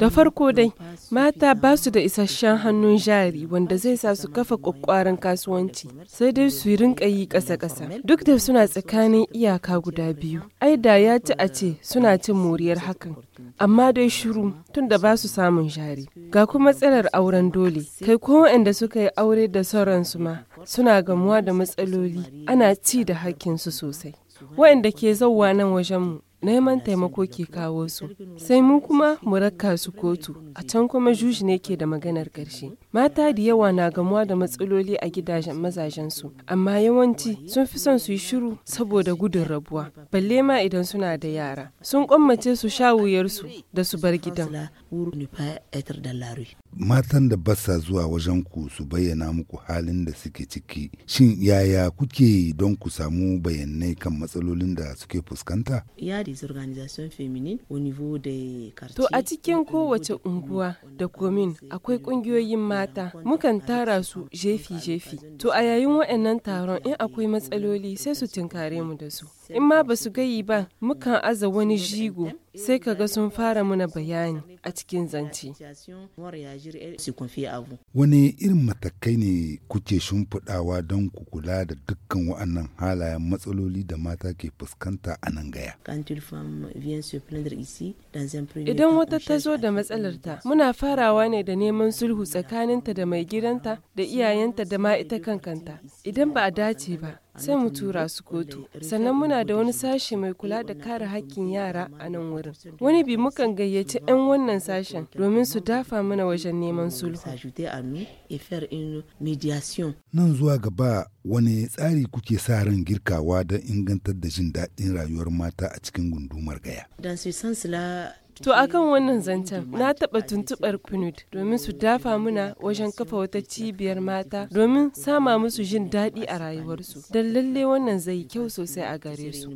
Da farko dai, mata ba su da isasshen hannun jari wanda zai sa su kafa kwakwaran kasuwanci, sai dai su rinka yi ƙasa-ƙasa. Duk da suna tsakanin iyaka guda biyu, ai da ya ci a ce suna cin moriyar hakan, amma dai shiru tun da ba su samun jari. Ga kuma matsalar auren dole, kai ko waɗanda suka yi aure da sauransu ma suna gamuwa da matsaloli, ana ci da hakkinsu sosai. Waɗanda ke zauwa nan wajenmu neman taimako ke kawo su sai mu kuma mu rakka su kotu a can kuma juji ne ke da maganar ƙarshe mata da yawa na gamuwa da matsaloli a gidajen mazajen su amma yawanci sun fi son su yi shiru saboda gudun rabuwa balle ma idan suna da yara sun kwammace su sha wuyar su da su bar gidan matan da basa zuwa wajen ku su bayyana muku halin da suke ciki shin yaya kuke don ku samu bayanai kan matsalolin da suke fuskanta to a cikin kowace unguwa da komin akwai kungiyoyin mata mukan tara su jefi-jefi to a yayin waɗannan taron in akwai matsaloli sai su tinkare mu da su in ma ba su gayi ba mukan aza wani jigo sai ka ga sun fara muna bayani a cikin zance. Wani irin matakai ne kuke shimfiɗawa don ku kula da dukkan wa'annan halayen matsaloli da mata ke fuskanta a nan gaya? Idan wata ta zo da matsalarta, muna farawa ne da neman sulhu tsakaninta da mai gidanta da iyayenta da ma ita kankanta. Idan ba a dace ba, sai mu tura su kotu sannan muna da wani sashe mai kula da kare hakkin yara a nan wurin wani bi mukan gayyaci 'yan wannan sashen domin su dafa mana wajen neman sulhu nan zuwa gaba wani tsari kuke sa ran girkawa don ingantar da jin daɗin rayuwar mata a cikin gundumar gaya To akan wannan zancen na taɓa tuntuɓar kunud domin su dafa muna wajen kafa wata cibiyar mata domin sama musu jin daɗi a rayuwarsu. Don lalle wannan zai kyau sosai a gare su.